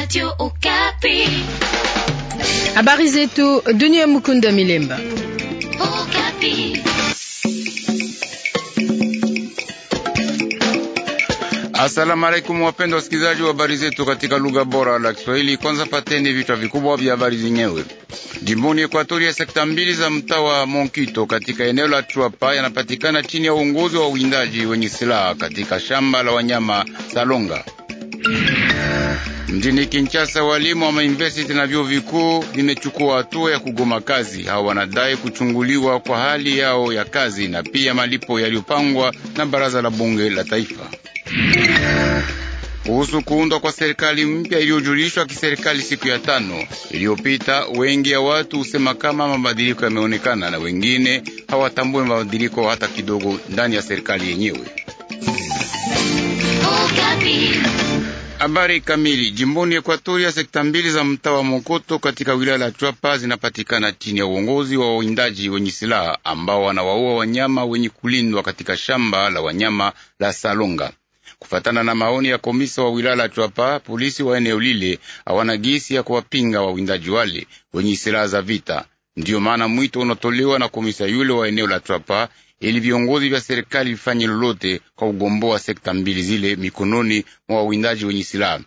Radio Okapi. Habari zetu dunia Mukunda Milemba. Okapi. Asalamu alaikum wapendwa wasikilizaji wa habari zetu katika lugha bora la Kiswahili. Kwanza pateni vichwa vikubwa vya habari zenyewe. Jimboni Ekwatoria, sekta mbili za mtaa wa Monkito katika eneo la Chuapa yanapatikana chini ya uongozi wa uwindaji wenye silaha katika shamba la wanyama Salonga. Mjini Kinshasa, walimu wa mauniversiti na vyuo vikuu vimechukua hatua ya kugoma kazi. Hao wanadai kuchunguliwa kwa hali yao ya kazi na pia malipo yaliyopangwa na baraza la bunge la taifa. Kuhusu kuundwa kwa serikali mpya iliyojulishwa kiserikali siku ya tano iliyopita, wengi ya watu husema kama mabadiliko yameonekana na wengine hawatambue mabadiliko hata kidogo ndani ya serikali yenyewe. Oh, Habari kamili jimboni Ekwatoria, sekta mbili za mtaa wa Mokoto katika wilaya la Chwapa zinapatikana chini ya uongozi wa wawindaji wenye silaha ambao wanawaua wanyama wenye kulindwa katika shamba la wanyama la Salonga. Kufatana na maoni ya komisa wa wilaya la Chwapa, polisi wa eneo lile hawana gisi ya kuwapinga wawindaji wale wenye silaha za vita. Ndiyo maana mwito unatolewa na komisa yule wa eneo la Trapa ili viongozi vya serikali vifanye lolote kwa kugomboa sekta mbili zile mikononi mwa wawindaji wenye silaha.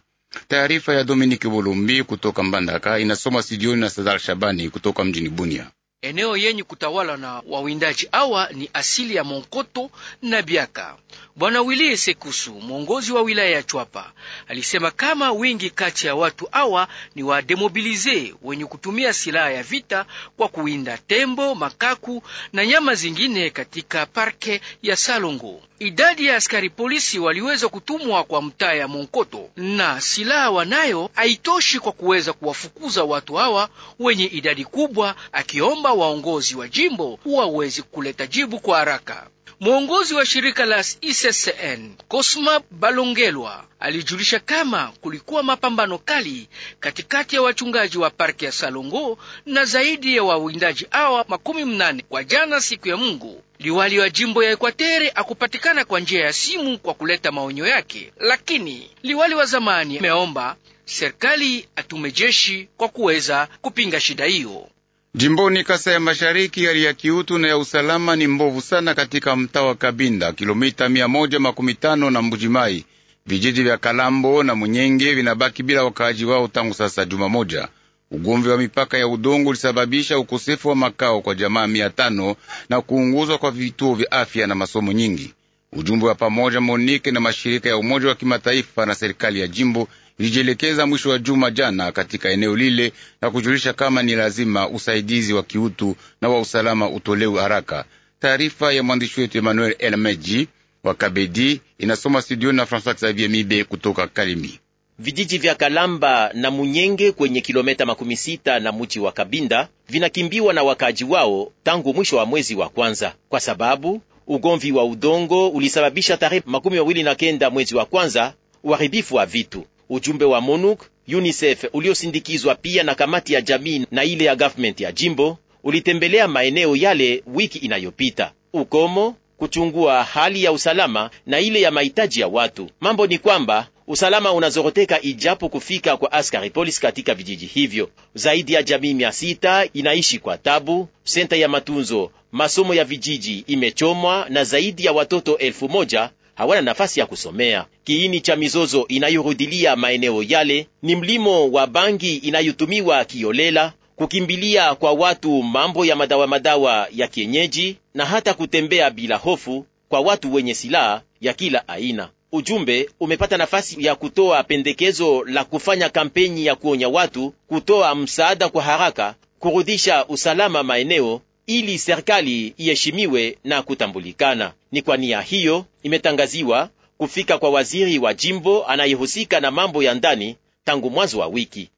Taarifa ya Dominike Bolombi kutoka Mbandaka inasoma studioni na Sadar Shabani kutoka mjini Bunia eneo yenye kutawala na wawindaji awa ni asili ya Monkoto na Biaka. Bwana Wilie Sekusu, mwongozi wa wilaya ya Chwapa, alisema kama wingi kati ya watu awa ni wademobilize wenye kutumia silaha ya vita kwa kuwinda tembo, makaku na nyama zingine katika parke ya Salongo. Idadi ya askari polisi waliweza kutumwa kwa mtaa ya Monkoto na silaha wanayo haitoshi kwa kuweza kuwafukuza watu hawa wenye idadi kubwa, akiomba kwamba waongozi wa jimbo wawezi kuleta jibu kwa haraka. Mwongozi wa shirika la ICCN Cosma Balongelwa alijulisha kama kulikuwa mapambano kali katikati ya wachungaji wa parki ya Salongo na zaidi ya wawindaji awa makumi mnane kwa jana siku ya Mungu. Liwali wa jimbo ya ekwateri akupatikana kwa njia ya simu kwa kuleta maonyo yake, lakini liwali wa zamani ameomba serikali atume jeshi kwa kuweza kupinga shida hiyo. Jimboni Kasa ya Mashariki, hali ya kiutu na ya usalama ni mbovu sana katika mtaa wa Kabinda, kilomita mia moja makumi tano na Mbujimai. Vijiji vya Kalambo na Munyenge vinabaki bila wakaaji wao tangu sasa juma moja. Ugomvi wa mipaka ya udongo ulisababisha ukosefu wa makao kwa jamaa mia tano na kuunguzwa kwa vituo vya afya na masomo nyingi. Ujumbe wa pamoja Monike na mashirika ya Umoja wa Kimataifa na serikali ya jimbo lilijielekeza mwisho wa juma jana katika eneo lile na kujulisha kama ni lazima usaidizi wa kiutu na wa usalama utolewe haraka. Taarifa ya mwandishi wetu Emmanuel Elmeji wa Kabedi inasoma studio na François Xavier Mibe kutoka Kalimi. Vijiji vya Kalamba na Munyenge kwenye kilometa makumi sita na muji wa Kabinda vinakimbiwa na wakaaji wao tangu mwisho wa mwezi wa kwanza kwa sababu ugomvi wa udongo ulisababisha tarehe makumi mawili na kenda mwezi wa kwanza uharibifu wa vitu ujumbe wa MONUC, UNICEF uliosindikizwa pia na kamati ya jamii na ile ya government ya jimbo ulitembelea maeneo yale wiki inayopita ukomo kuchungua hali ya usalama na ile ya mahitaji ya watu. Mambo ni kwamba usalama unazoroteka ijapo kufika kwa askari polisi katika vijiji hivyo. Zaidi ya jamii mia sita inaishi kwa tabu. Senta ya matunzo masomo ya vijiji imechomwa na zaidi ya watoto elfu moja hawana nafasi ya kusomea. Kiini cha mizozo inayorudilia maeneo yale ni mlimo wa bangi inayotumiwa kiolela, kukimbilia kwa watu mambo ya madawa madawa ya kienyeji, na hata kutembea bila hofu kwa watu wenye silaha ya kila aina. Ujumbe umepata nafasi ya kutoa pendekezo la kufanya kampeni ya kuonya watu kutoa msaada kwa haraka, kurudisha usalama maeneo ili serikali iheshimiwe na kutambulikana. Ni kwa nia hiyo imetangaziwa kufika kwa waziri wa jimbo anayehusika na mambo ya ndani tangu mwanzo wa wiki.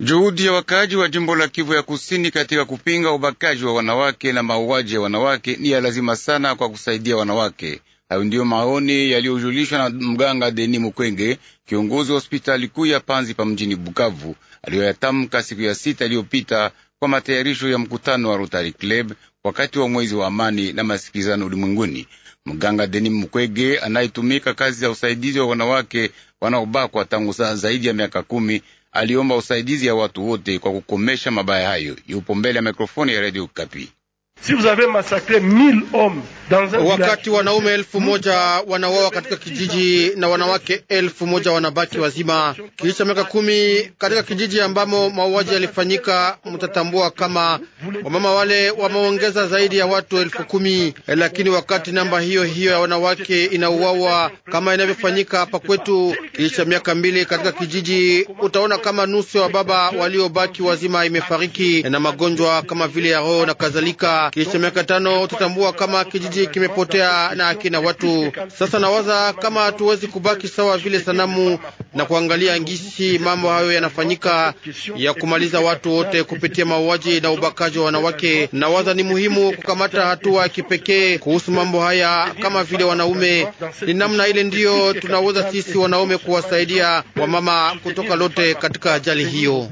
Juhudi ya wakaaji wa jimbo la Kivu ya Kusini katika kupinga ubakaji wa wanawake na mauaji ya wanawake ni ya lazima sana kwa kusaidia wanawake. Hayo ndiyo maoni yaliyojulishwa na mganga Deni Mukwenge, kiongozi wa hospitali kuu ya Panzi pa mjini Bukavu, aliyoyatamka siku ya sita iliyopita kwa matayarisho ya mkutano wa Rotary Club wakati wa mwezi wa amani na masikizano ulimwenguni. Mganga Denis Mukwege anayetumika kazi ya usaidizi wa wanawake wanaobakwa tangu saa zaidi ya miaka kumi aliomba usaidizi ya watu wote kwa kukomesha mabaya hayo. Yupo mbele ya mikrofoni ya radio Kapi. Si vous avez massacré mille hommes dans un wakati wanaume elfu moja wanauawa katika kijiji na wanawake elfu moja wanabaki wazima kisha miaka kumi katika kijiji ambamo mauaji yalifanyika, mtatambua kama wamama wale wameongeza zaidi ya watu elfu kumi. Lakini wakati namba hiyo hiyo ya wanawake inauawa kama inavyofanyika hapa kwetu kisha miaka mbili katika kijiji, utaona kama nusu ya wa baba waliobaki wazima imefariki na magonjwa kama vile ya roho na kadhalika miaka tano tutambua kama kijiji kimepotea na akina watu. Sasa nawaza kama hatuwezi kubaki sawa vile sanamu na kuangalia ngisi mambo hayo yanafanyika ya kumaliza watu wote kupitia mauaji na ubakaji wa wanawake. Nawaza ni muhimu kukamata hatua ya kipekee kuhusu mambo haya kama vile wanaume. Ni namna ile ndiyo tunaweza sisi wanaume kuwasaidia wamama kutoka lote katika ajali hiyo.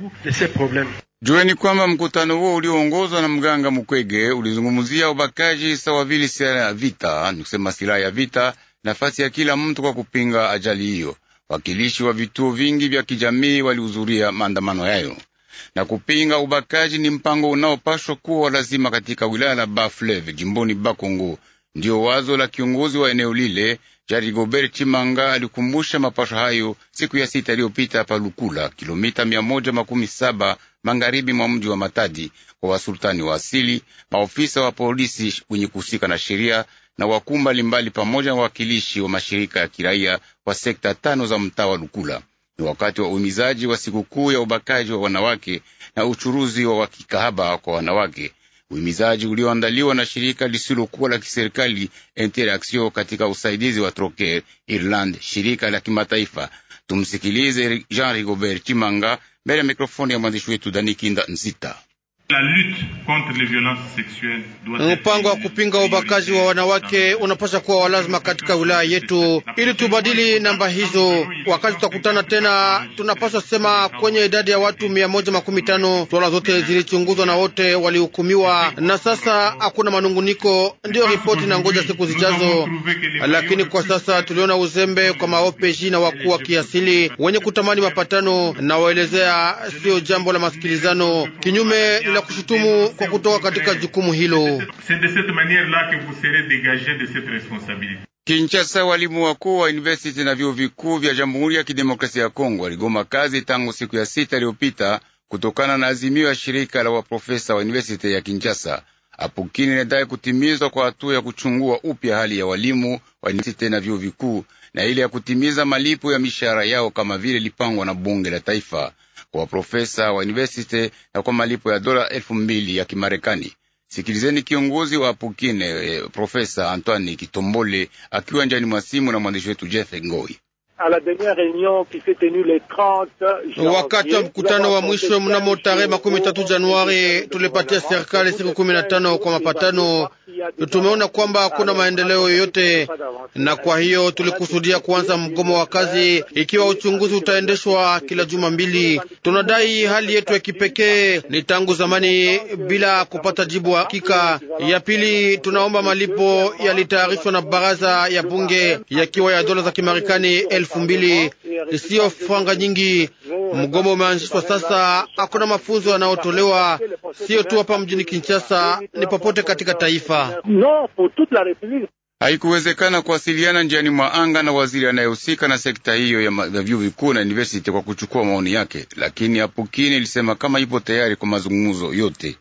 Jueni kwamba mkutano huo ulioongozwa na mganga Mukwege ulizungumzia ubakaji sawa vile silaha ya vita, ni kusema silaha ya vita, nafasi ya kila mtu kwa kupinga ajali hiyo. Wakilishi wa vituo vingi vya kijamii walihudhuria maandamano hayo na kupinga ubakaji. Ni mpango unaopaswa kuwa lazima katika wilaya la Bafleve jimboni Bakongo. Ndiyo wazo la kiongozi wa eneo lile Jari Gobert Chimanga. Alikumbusha mapasho hayo siku ya sita iliyopita hapa Lukula, kilomita mia moja makumi saba magharibi mwa mji wa Matadi kwa wasultani wa asili, maofisa wa polisi wenye kuhusika na sheria na wakuu mbalimbali, pamoja na wawakilishi wa mashirika ya kiraia wa sekta tano za mtaa wa Lukula. Ni wakati wa uhimizaji wa sikukuu ya ubakaji wa wanawake na uchuruzi wa wakikahaba kwa wanawake Uhimizaji ulioandaliwa na shirika lisilokuwa la kiserikali Interaction katika usaidizi wa troker Irland, shirika la kimataifa. Tumsikilize Jean Rigobert Chimanga mbele ya mikrofoni ya mwandishi wetu Danikinda Nzita. Mpango wa kupinga ubakaji wa wanawake unapaswa kuwa walazima katika wilaya yetu, ili tubadili namba hizo. Wakati tutakutana tena, tunapaswa sema kwenye idadi ya watu mia moja makumi tano swala zote zilichunguzwa na wote walihukumiwa, na sasa hakuna manunguniko. Ndiyo ripoti na ngoja siku zijazo, lakini kwa sasa tuliona uzembe kwa maopeji na wakuu wa kiasili wenye kutamani mapatano na waelezea, siyo jambo la masikilizano kinyume kushutumu kwa kutoka katika jukumu hilo. Kinshasa, walimu wakuu wa university na vyuo vikuu vya Jamhuri ya Kidemokrasia ya Kongo waligoma kazi tangu siku ya sita iliyopita kutokana na azimio ya shirika la waprofesa wa university ya Kinshasa Apukini inadai kutimizwa kwa hatua ya kuchungua upya hali ya walimu wa university na vyuo vikuu na ile ya kutimiza malipo ya mishahara yao kama vile lipangwa na bunge la taifa kwa waprofesa wa universite na kwa malipo ya dola elfu mbili ya Kimarekani. Sikilizeni kiongozi wa pukine eh, Profesa Antoine Kitombole akiwa njani mwa simu na mwandishi wetu Jeff Ngoi. Wakati wa mkutano wa mwisho mnamo tarehe makumi tatu Januari tulipatia serikali siku kumi na tano kwa mapatano. Tumeona kwamba hakuna maendeleo yoyote, na kwa hiyo tulikusudia kuanza mgomo wa kazi ikiwa uchunguzi utaendeshwa kila juma mbili. Tunadai hali yetu ya kipekee ni tangu zamani bila kupata jibu hakika. Ya pili, tunaomba malipo yalitayarishwa na baraza ya bunge yakiwa ya dola za Kimarekani elfu elfu mbili isiyo nyingi. Mgomo umeanzishwa sasa, hakuna mafunzo yanayotolewa, siyo tu hapa mjini Kinshasa, ni popote katika taifa. Haikuwezekana kuwasiliana njiani mwa anga na waziri anayehusika na sekta hiyo ya vyuo vikuu na university kwa kuchukua maoni yake, lakini Apukini ilisema kama ipo tayari kwa mazungumzo yote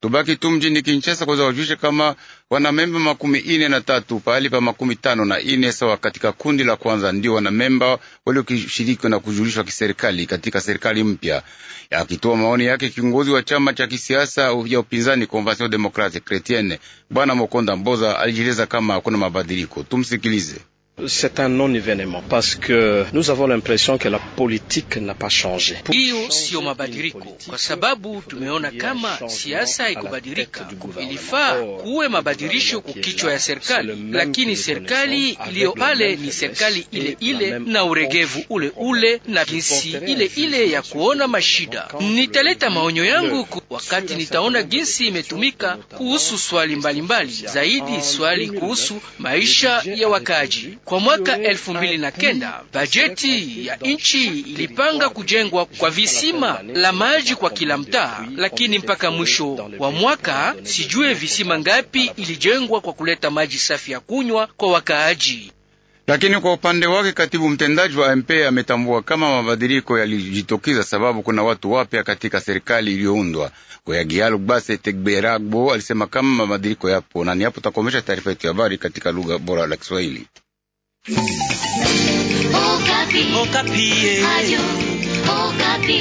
tubaki tu mjini Kinshasa kuweza kujulisha kama wanamemba makumi ine na tatu pahali pa makumi tano na ine sawa katika kundi la kwanza, ndio wanamemba waliokishiriki na kujulishwa kiserikali katika serikali mpya. Akitoa maoni yake kiongozi wa chama cha kisiasa ya upinzani Convention Democrate Kretienne Bwana Mokonda Mboza alijieleza kama hakuna mabadiliko. Tumsikilize. C'est un non-événement parce que nous avons l'impression que la politique n'a pas changé. Hiyo siyo mabadiliko kwa sababu tumeona kama siasa haikubadilika. Ilifaa kuwe mabadilisho kukichwa ya serikali, lakini serikali iliyo pale ni serikali ile ile na uregevu ule ule na jinsi ile ile ya kuona mashida. Nitaleta maonyo yangu wakati nitaona jinsi imetumika kuhusu swali mbalimbali mbali, zaidi swali kuhusu maisha ya wakaji. Kwa mwaka elfu mbili na kenda bajeti ya nchi ilipanga kujengwa kwa visima la maji kwa kila mtaa, lakini mpaka mwisho wa mwaka sijue visima ngapi ilijengwa kwa kuleta maji safi ya kunywa kwa wakaaji. Lakini kwa upande wake katibu mtendaji wa MP ametambua kama mabadiliko yalijitokeza, sababu kuna watu wapya katika serikali iliyoundwa. Goyagialu Base Tegberagbo alisema kama mabadiliko yapo ni Hapo takomesha taarifa yetu ya habari katika lugha bora la Kiswahili. Okapi. Okapi.